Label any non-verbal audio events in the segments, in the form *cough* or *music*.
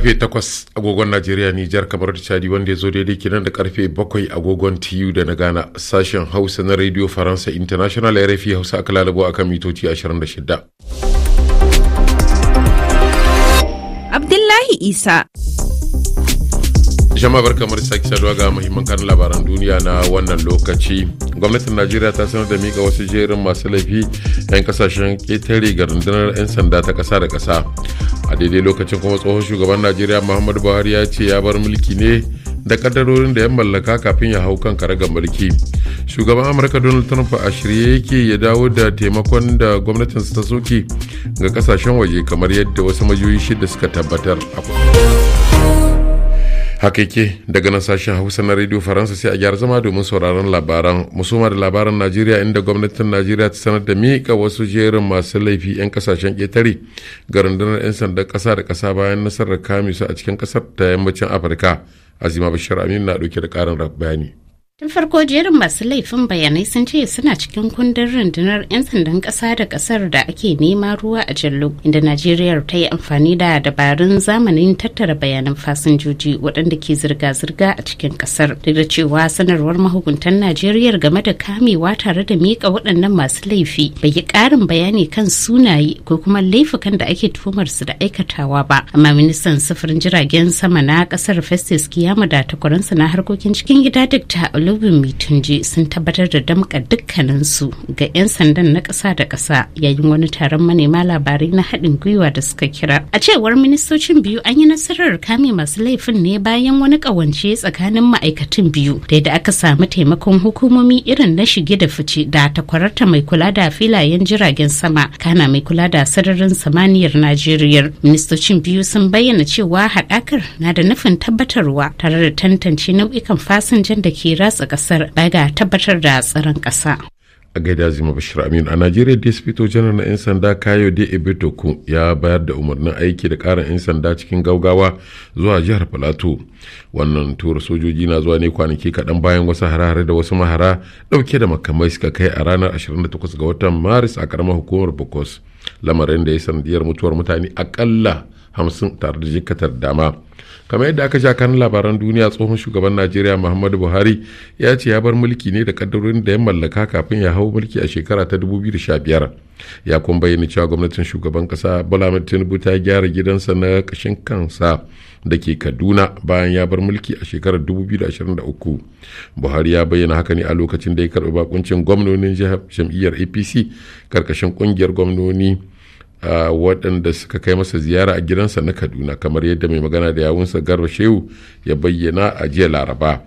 karfe 8 agogon najeriya nijar kamar da chadi wanda ya zo daidai kenan da karfe 7 agogon tu da na gana sashen hausa na radio faransa international rafi hausa aka lalabo kan mitoci 26 abdullahi isa jama'a barka mu sake saduwa ga muhimman kan labaran duniya na wannan lokaci gwamnatin najeriya ta sanar da mika wasu jerin masu laifi 'yan kasashen ketare ga rundunar 'yan sanda ta kasa da kasa a daidai lokacin kuma tsohon shugaban najeriya muhammadu buhari ya ce ya bar mulki ne da kaddarorin da ya mallaka kafin ya hau kan ga mulki shugaban amurka donald trump a shirye yake ya dawo da taimakon da gwamnatinsa ta soke ga kasashen waje kamar yadda wasu majiyoyi shida suka tabbatar a haka yake daga nan sashen hausa na radio faransa sai a gyara zama domin sauraron labaran musoma da labaran najeriya inda gwamnatin najeriya ta sanar da mika wasu jerin masu laifi 'yan kasashen ƙetare ga rundunar 'yan sandan ƙasa da ƙasa bayan nasarar kame su a cikin ƙasar ta yammacin afirka azima bashir aminu na dauke da ƙarin bayani Tun farko jerin masu laifin bayanai sun ce suna cikin kundin rundunar 'yan sandan ƙasa da ƙasar da ake nema ruwa a jallo inda Najeriya ta yi amfani da dabarun zamanin tattara bayanan fasinjoji waɗanda ke zirga-zirga a cikin ƙasar. Duk da cewa sanarwar mahukuntan Najeriya game da kamewa tare da miƙa waɗannan masu laifi bai yi ƙarin bayani kan sunaye ko kuma laifukan da ake tuhumar su da aikatawa ba. Amma ministan sufurin jiragen sama na ƙasar Festus Kiyama da takwaransa na harkokin cikin gida duk ta olubin mitunje sun tabbatar da damka dukkaninsu ga 'yan sandan na ƙasa da ƙasa yayin wani taron manema labarai na haɗin gwiwa da suka kira a cewar ministocin biyu an yi nasarar kame masu laifin ne bayan wani ƙawance tsakanin ma'aikatan biyu da da aka samu taimakon hukumomi irin na shige da fice da takwararta mai kula da filayen jiragen sama kana mai kula da sararin samaniyar najeriya ministocin biyu sun bayyana cewa haɗakar na da nufin tabbatarwa tare da tantance nau'ikan fasinjan da ke rasa ratsa kasar daga tabbatar da tsaron kasa a gaida zima bashir aminu a najeriya dispito janar na 'yan sanda kayo da ya bayar da umarnin aiki da karin 'yan sanda cikin gaugawa zuwa jihar plateau wannan tura sojoji na zuwa ne kwanaki kaɗan bayan wasu harare da wasu mahara ɗauke da makamai suka kai a ranar 28 ga watan maris a karamar hukumar bokos lamarin da ya sanadiyar mutuwar mutane akalla hamsin tare da jikatar dama kamar yadda aka sha kan labaran duniya tsohon shugaban najeriya muhammadu buhari ya ce ya bar mulki ne da kaddarorin da ya mallaka kafin ya hau mulki a shekara ta biyar ya kuma bayyana cewa gwamnatin shugaban kasa bola tinubu ta gyara gidansa na kashin kansa da ke kaduna bayan ya bar mulki a shekarar 2023 buhari ya bayyana haka ne a lokacin da ya karɓi bakuncin gwamnonin jam'iyyar apc karkashin ƙungiyar gwamnoni waɗanda suka kai masa ziyara a gidansa na kaduna kamar yadda mai magana da yawunsa garba shehu ya bayyana a jiya laraba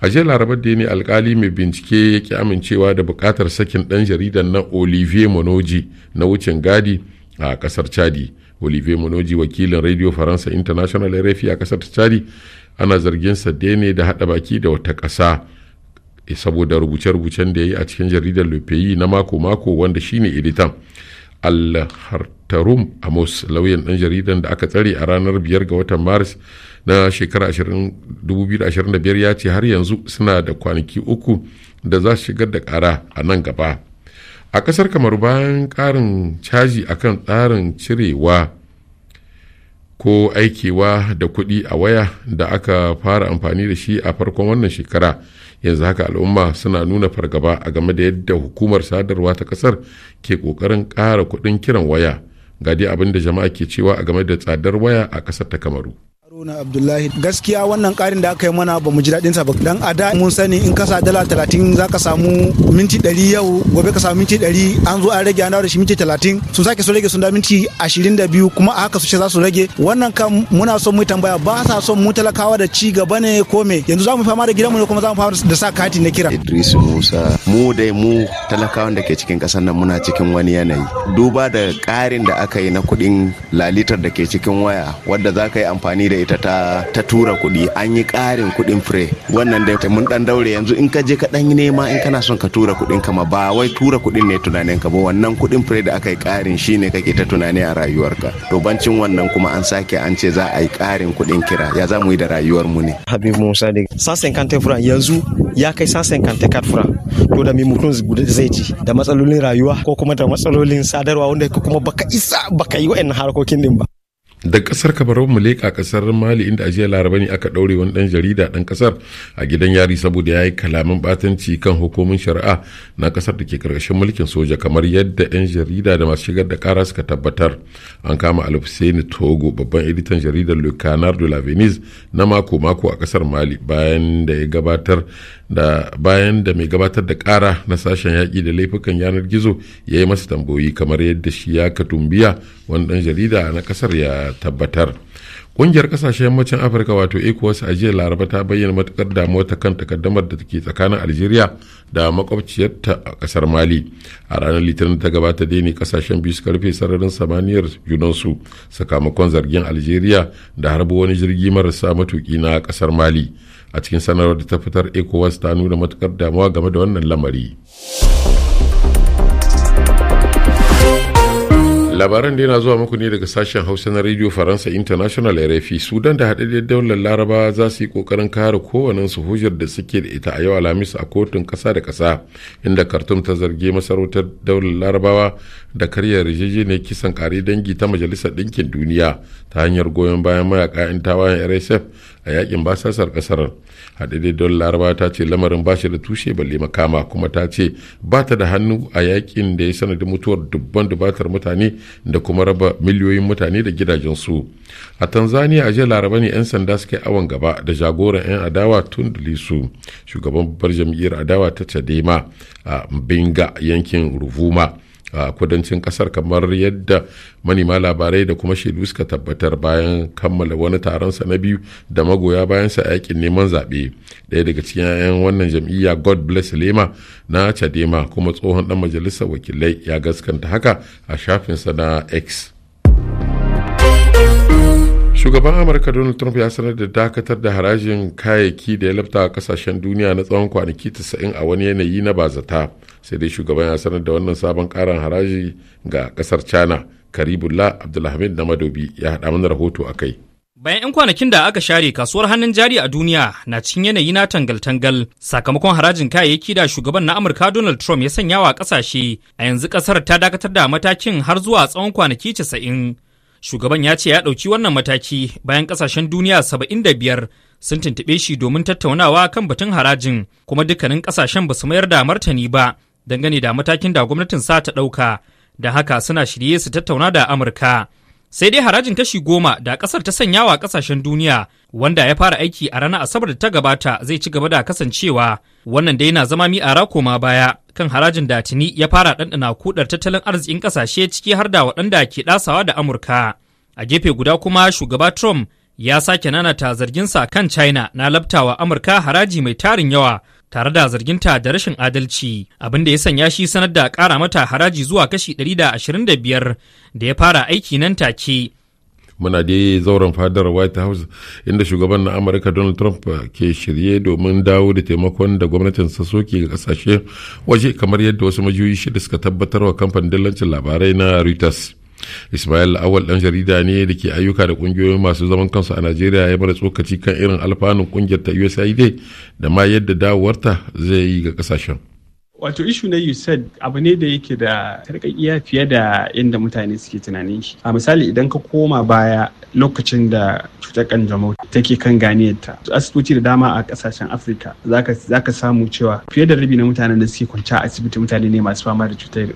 a jiya laraba da ne alkali mai bincike ya ki amincewa da buƙatar sakin ɗan jaridan na olivier monoji na wucin gadi a ƙasar chadi olivier monoji wakilin radio faransa international rfi a ƙasar chadi ana zargin sa ne da haɗa baki da wata ƙasa saboda rubuce-rubucen da ya yi a cikin jaridar lupeyi na mako-mako wanda shine editan al-hartarum amos lauyan ɗan jaridan da aka tsare a ranar biyar ga watan maris na shekara 2025 ya ce har yanzu suna da kwanaki uku da za su shigar da ƙara a nan gaba a ƙasar kamar bayan ƙarin caji akan tsarin cirewa ko aikewa da kuɗi a waya da aka fara amfani da shi a farkon wannan shekara yanzu haka al'umma suna nuna fargaba a game da yadda hukumar sadarwa ta kasar ke kokarin kara kudin kiran waya ga dai abin da jama'a ke cewa a game da tsadar waya a kasar ta kamaru Haruna Abdullahi gaskiya wannan karin da aka yi mana ba mu ji daɗinsa sa ba dan a da mun sani in kasa dala 30 za ka samu minti 100 yau gobe ka samu minti 100 an zo an rage an dawo da shi minti 30 sun sake su rage sun da minti 22 kuma a haka su ce za su rage wannan kan muna son mu tambaya ba sa son mu talakawa da ci gaba ne ko me yanzu za mu fama da gidanmu ne kuma za mu fama da sa kati na kira Idris Musa mu dai mu talakawan da ke cikin kasar nan muna cikin wani yanayi duba da karin da aka yi na kuɗin lalitar da ke cikin waya wadda za ka yi amfani da ita ta ta tura kuɗi an yi ƙarin kuɗin fure wannan dai mun dan daure yanzu in ka je ka dan yi nema in kana son ka tura kuɗin ka ma ba wai tura kuɗin ne tunanin ka ba wannan kuɗin fure da aka yi ƙarin ne kake ta tunani a rayuwarka to bancin wannan kuma an sake an ce za a yi ƙarin kuɗin kira ya za mu yi da rayuwar mu ne habib musa da sasen kante fura yanzu ya kai sasen kante kat fura to da mai mutum zai ci da matsalolin rayuwa ko kuma da matsalolin sadarwa wanda kuma baka isa baka yi wa'annan harkokin din ba da kasar kabarau mu leka kasar mali inda ajiya laraba ne aka ɗaure wani dan jarida dan kasar a gidan yari saboda ya yi kalaman batanci kan hukumin shari'a na kasar da ke karkashin mulkin soja kamar yadda 'yan jarida da masu shigar da kara suka tabbatar an kama alfuseni togo babban editan jaridar le de la venise na mako mako a kasar mali bayan da ya gabatar da bayan da mai gabatar da kara na sashen yaƙi da laifukan yanar gizo ya yi masa tambayoyi kamar yadda shi ya katumbiya wani dan jarida na kasar ya tabbatar kungiyar kasashen yammacin afirka wato ecowas a jiya laraba ta bayyana matukar damuwa ta kan takaddamar da take tsakanin algeria da makwabciyarta a kasar mali a ranar litinin ta gabata dai ne kasashen biyu suka rufe sararin samaniyar junansu sakamakon zargin algeria da harbo wani jirgi marasa matuki na kasar mali a cikin sanarwar da ta fitar ecowas ta nuna matukar damuwa game da wannan lamari. labaran da yana zuwa muku ne daga sashen hausa na radio faransa international rfi sudan da haɗaɗɗiyar daular laraba za su yi kokarin kare kowannen su hujjar da suke da ita a yau alhamis a kotun ƙasa da kasa inda khartoum ta zarge masarautar daular larabawa da karyar ne kisan kare dangi ta majalisar ɗinkin duniya ta hanyar goyon bayan mayaka 'yan tawayen rsf a yakin basasar ƙasar haɗaɗɗiyar daular laraba ta ce lamarin ba shi da tushe balle makama kuma ta ce ba ta da hannu a yakin da ya sanadin mutuwar dubban dubatar mutane da kuma raba miliyoyin mutane da gidajen su a tanzania a jiya laraba ne 'yan sanda suka yi awon gaba da jagoran 'yan adawa tun lisu shugaban babbar jam'iyyar adawa ta chadema a mbinga yankin ruvuma a kudancin kasar kamar yadda manema labarai da kuma shaidu suka tabbatar bayan kammala wani taronsa na biyu da magoya bayansa a yakin neman zaɓe ɗaya daga cikin 'ya'yan wannan jam'iyya god bless lema na chadema kuma tsohon ɗan majalisar wakilai ya gaskanta haka a shafinsa na x shugaban amurka donald trump ya sanar da dakatar da harajin kayayyaki da ya lafta a kasashen duniya na tsawon kwanaki 90 a wani yanayi na bazata sai dai shugaban ya sanar da wannan sabon karan haraji ga kasar china karibullah abdulhamid na madobi ya hada mana rahoto a kai Bayan 'yan kwanakin da aka share kasuwar hannun jari a duniya na cikin yanayi na tangal-tangal sakamakon harajin kayayyaki da shugaban na Amurka Donald Trump ya sanya wa kasashe a yanzu kasar ta dakatar da matakin har zuwa tsawon kwanaki 90 Shugaban ya ce ya ɗauki wannan mataki bayan ƙasashen duniya saba'in da biyar sun tuntuɓe shi domin tattaunawa kan batun harajin kuma dukkanin ƙasashen ba su mayar da martani ba dangane da matakin da gwamnatin sa ta ɗauka da haka suna shirye su tattauna da Amurka. Sai dai harajin kashi goma da ƙasar ta sanya wa ƙasashen duniya wanda ya fara aiki a ranar Asabar da ta gabata zai ci gaba da kasancewa wannan dai na zama mi a rako ma baya kan harajin da tuni ya fara ɗanɗana kudar tattalin arzikin ƙasashe ciki har da waɗanda ke ɗasawa da Amurka. A gefe guda kuma shugaba Trump ya sake nanata zarginsa kan China na labtawa Amurka haraji mai tarin yawa tare da zarginta da rashin adalci abin da ya sanya shi sanar da ƙara mata haraji zuwa kashi 125 da ya fara aiki nan take muna dai zauren fadar white house inda shugaban na amurka donald trump uh, ke shirye domin dawo da taimakon da gwamnatin sa soke ga kasashe waje kamar yadda wasu majiyoyi shida suka tabbatar wa kamfanin dillancin labarai na reuters ismail awal dan jarida ne da ke ayyuka da kungiyoyin masu zaman kansu a nigeria ya mara tsokaci kan irin alfanun kungiyar ta usaid da ma yadda dawowarta zai yi ga kasashen Wato ishu na USAID abu ne da yake da sarƙaƙiya fiye da inda mutane suke tunanin shi. A misali idan ka koma baya lokacin da cutar kanjamau take kan ganiyarta asibiti da dama a kasashen afirka za ka samu cewa fiye da rabi na mutanen da suke kwanci a asibiti mutane ne masu fama da cutar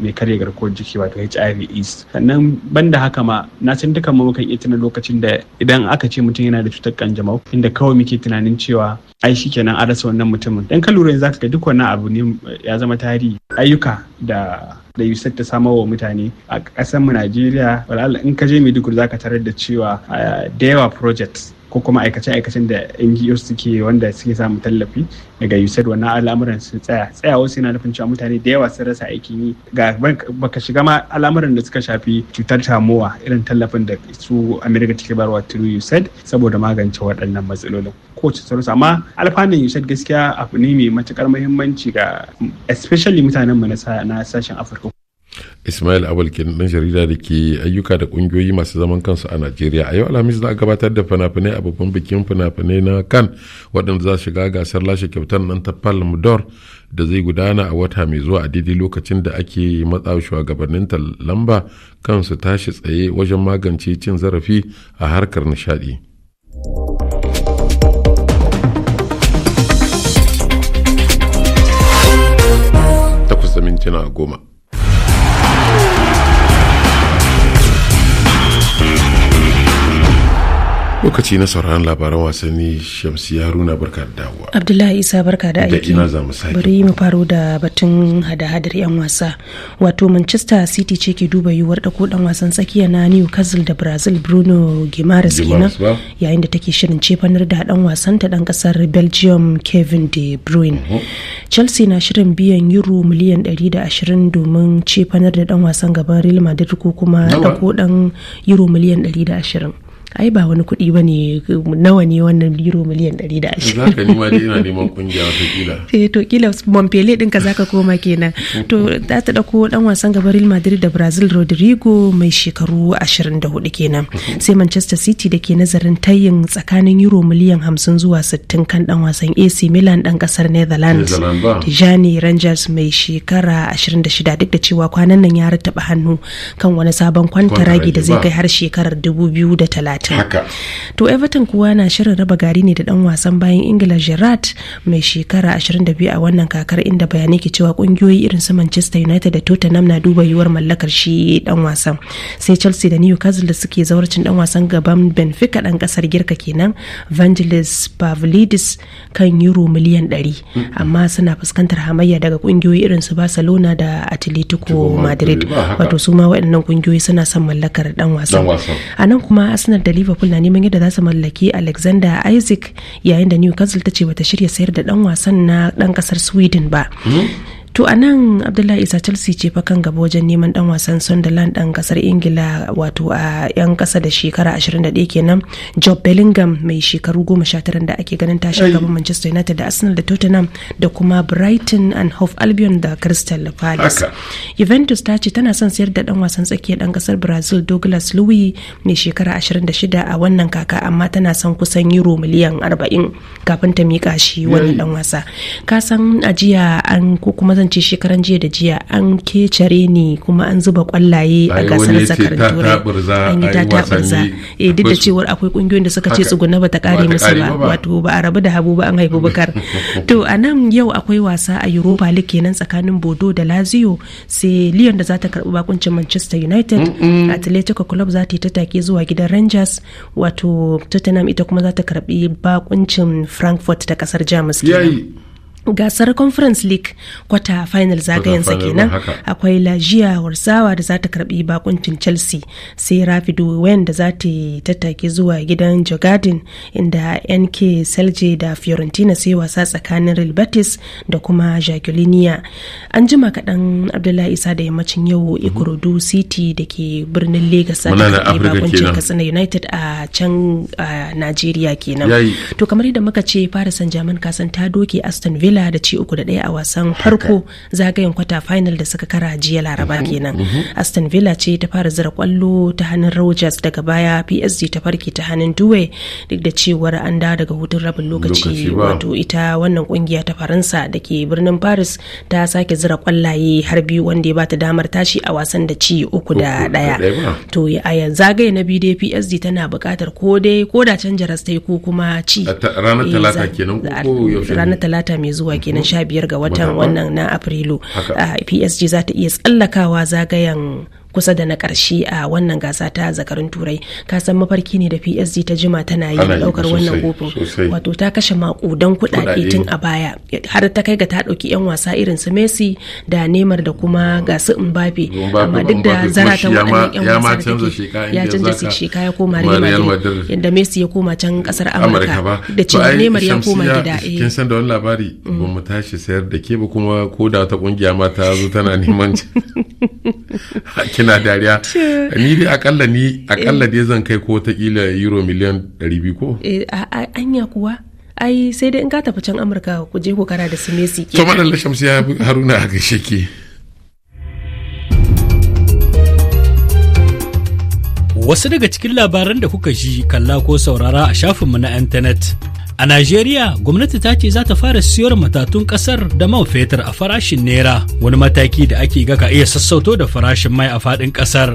mai karya garkuwar jiki wato hiv aids sannan ban da haka ma na san dukkan mu iya lokacin da idan aka ce mutum yana da cutar kanjamau inda kawai muke tunanin cewa ai shi kenan a rasa wannan mutumin dan ka lura yanzu ka ga duk wannan abu ne ya zama tarihi ayyuka da da USAID ta samar wa mutane a ƙasar mu Najeriya Wala in ka je Maiduguri za ka tarar da cewa ah, da yawa projects ko kuma aikace-aikacen da NGO suke wanda suke samun tallafi daga USAID wannan al'amuran su tsaya Tsaya wasu yana nufin cewa mutane da yawa sun rasa aikin yi ga baka shiga ma al'amuran da suka shafi cutar tamowa irin tallafin da su America take barwa through USAID saboda magance waɗannan matsalolin Ko kowace sauransu amma alfanun USAID gaskiya abu ne mai matukar muhimmanci ga especially mutanen mu na sashen Afirka Ismail Abul kenan jarida da ke ayyuka da kungiyoyi masu zaman kansu a Najeriya. A yau Alhamis za a gabatar da fina-finai a babban bikin fina-finai na kan waɗanda za su shiga gasar lashe kyautar nan ta palmdor da zai gudana a wata mai zuwa a daidai lokacin da ake matsa shugabannin lamba kansu tashi tsaye wajen magance cin zarafi a harkar nishadi. Takwas da mintuna goma. lokaci na sauraron labaran wasanni shamsi haruna barka da dawowa abdullahi isa barka da aiki ina za mu sake da batun hada-hadar yan wasa wato manchester city ce ke duba yiwuwar dako dan wasan tsakiya na newcastle da brazil bruno guimaraes kenan yayin da take shirin cefanar da dan wasan ta dan kasar belgium kevin de bruyne chelsea na shirin biyan euro miliyan 120 domin cefanar da dan wasan gaban real madrid ko kuma dako dan euro miliyan 120 ai ba wani kuɗi ba ne nawa ne wannan biro miliyan ɗari da ashirin. Za ka nima dai ina neman kungiya wata kila. *laughs* Eh, to kila Montpellier ɗinka za ka koma kenan. To za ta ɗauko ɗan wasan gaba Real Madrid da Brazil Rodrigo mai shekaru ashirin da hudu kenan. *laughs* Sai Manchester City da ke nazarin tayin tsakanin euro miliyan hamsin zuwa sittin kan ɗan wasan AC Milan ɗan ƙasar Netherlands. Tijani Rangers mai shekara ashirin da shida duk da cewa kwanan nan ya rattaba hannu kan wani sabon kwanta ragi da zai kai har shekarar dubu biyu da talatin. everton haka to everton kuwa na shirin raba gari ne da dan wasan bayan ingila gerard mai shekara 22 a wannan kakar inda bayanai ke cewa kungiyoyi irin su manchester united da tottenham na duba yiwuwar mallakar shi dan wasan sai chelsea da newcastle da suke zawarcin dan wasan gaban benfica dan kasar girka kenan vangelis pavlidis kan euro miliyan 100 amma suna fuskantar hamayya daga kungiyoyi irin su barcelona da atletico madrid wato su ma waɗannan kungiyoyi suna son mallakar dan wasan a nan kuma arsenal da da liverpool na neman yadda za su mallaki alexander isaac yayin da newcastle ta ce bata shirya sayar da dan wasan na dan kasar sweden ba hmm? to a nan abdullahi isa chelsea ce fa kan gaba wajen neman dan wasan sunderland dan kasar ingila wato a yan kasa da shekara 21 kenan job bellingham mai shekaru 19 da ake ganin tashi gaban manchester united da arsenal da tottenham da kuma brighton and hove albion da crystal palace juventus ta ce tana son sayar da dan wasan tsakiyar dan kasar brazil douglas louis mai shekara 26 a wannan kaka amma tana son kusan euro miliyan 40 kafin ta mika shi wani dan wasa ka san ajiya an ko kuma zan ce shekaran jiya da jiya an kecare ni kuma an zuba kwallaye a gasar zakar turai an yi tatabarza eh, duk da cewar akwai kungiyoyin da suka ce tsuguna bata kare musu ba wato ba a rabu da habu ba an haifi bukar *laughs* to a nan yau akwai wasa a europa league kenan tsakanin bodo da lazio sai lyon da za ta karbi bakuncin manchester united atletico club za ta yi take zuwa gidan rangers wato tottenham ita kuma za ta karbi bakuncin frankfurt ta kasar jamus kenan gasar conference league kwata final zagayensa kenan akwai lajiya warsawa da za ta karbi bakuncin chelsea sai rapido wen da za ta tattake zuwa gidan jogadin inda nk selje da fiorentina sai wasa tsakanin real betis da kuma jaculiniya an jima kaɗan abdullahi isa da yammacin yau mhm. ikorodu city da ke birnin legas a katsina united a can a nigeria kenan to kamar yadda muka ce fara saint germain kasan ta doke aston villa ingila da ci uku da ɗaya a wasan farko zagayen kwata final da suka kara jiya laraba mm-hmm. kenan mm-hmm. aston villa ce ta fara zira kwallo ta hannun rogers daga baya psg ta farke ta hannun duwe duk da cewar an da daga hutun rabin lokaci wato ita wannan kungiya ta faransa da ke birnin paris ta sake zira kwallaye har biyu wanda ya bata damar tashi a wasan da ci uku da ɗaya to a zagaye na biyu dai psg tana buƙatar ko dai ko da canja rastai ko kuma ci ranar eh, talata kenan ko ranar talata mai zuwa zuwa mhm. kenan sha biyar ga watan wannan na afrilu ah, psg za ta iya tsallakawa zagayen kusa da na ƙarshe a wannan gasa ta zakarin turai ka san mafarki ne da psg ta jima tana yi da ɗaukar wannan kofin wato ta kashe makudan kuɗaɗe tun a baya har ta kai ga ta ɗauki 'yan wasa irin su messi da neymar da kuma gasu mbappe amma duk da zara ta waɗannan 'yan wasa da ya canza sheka ya koma real madrid yadda messi ya koma can ƙasar amurka da cewa neymar ya koma gida eh. kin san da wannan labari mm. ba mu tashi sayar da ke ba kuma ko da ta kungiya ma ta zo tana neman *laughs* *laughs* kina dariya *laughs* ni dai akalla ni akalla eh. dai zan kai ko ta kila euro miliyan 200 ko eh anya kuwa ai sai dai in ka tafi can amurka ku je ku kara da su messi to madalla ya haruna a gaishe ke wasu daga cikin labaran da kuka ji kalla ko saurara a shafinmu na intanet A Najeriya, gwamnati ta ce za ta fara siyar matatun ƙasar da man fetur a farashin Naira, wani mataki da ake ga ka iya sassauto da farashin mai a faɗin ƙasar.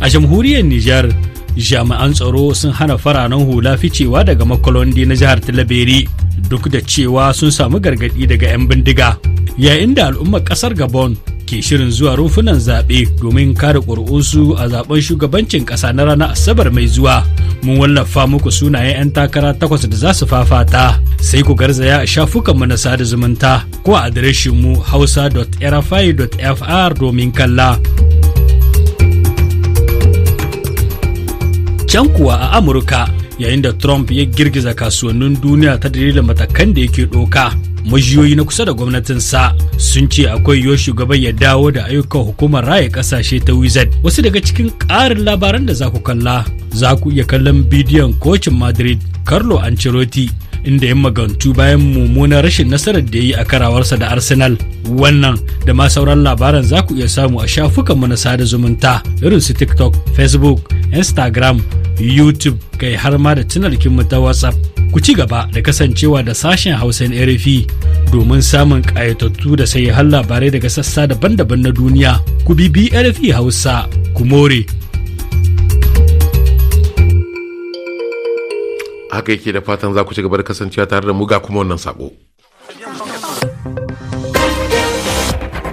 A jamhuriyar Nijar, jami'an tsaro sun hana fararen hula ficewa daga makolondi na jihar Talabiri, duk da cewa sun samu gargaɗi daga 'yan bindiga. Yayin da al'ummar ƙasar Gabon ke shirin zuwa rumfunan zaɓe domin kare ƙuri'unsu a zaɓen shugabancin ƙasa na ranar asabar mai zuwa mun wallafa muku sunayen 'yan takara takwas da za su fafata sai ku garzaya a shafukanmu na sada zumunta ko a adireshinmu hausa.rfi.fr domin kalla. Can kuwa a Amurka yayin da Trump ya girgiza kasuwannin duniya ta dalilin matakan da yake ɗoka. majiyoyi na kusa da gwamnatinsa sun ce akwai yiwuwar shugaban ya dawo da ayyukan hukumar raya kasashe ta wizard wasu daga cikin ƙarin labaran da za ku kalla za ku iya kallon bidiyon kocin madrid carlo ancelotti inda ya magantu bayan mummunan rashin nasarar da ya yi a karawarsa da arsenal wannan da ma sauran labaran za ku iya samu a shafukan na sada zumunta irin su tiktok facebook instagram youtube kai har ma da mu ta whatsapp ku ci gaba da kasancewa da sashen hausa na rfi domin samun ƙayatattu da sahihan labarai daga sassa daban-daban na duniya ku bibi rfi hausa ku more haka yake da fatan za ku ci gaba da kasancewa tare da mu kuma wannan sako.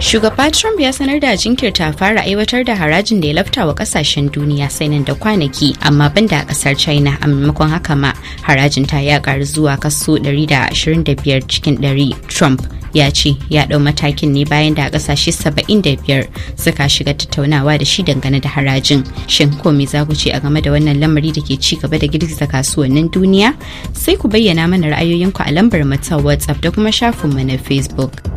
Shugaba Trump ya sanar da jinkirta fara aiwatar da harajin da ya lafta wa kasashen duniya sai nan da kwanaki amma banda a kasar China a maimakon haka ma harajin ta ya karu zuwa kaso 125 cikin 100 Trump ya ce ya ɗau matakin ne bayan da ƙasashe 75 suka shiga tattaunawa da shi dangane da harajin shin ko me za ku ce a game da wannan lamari da ke ci gaba da girgiza kasuwannin duniya sai ku bayyana mana ra'ayoyinku a lambar mu ta whatsapp da kuma shafinmu na facebook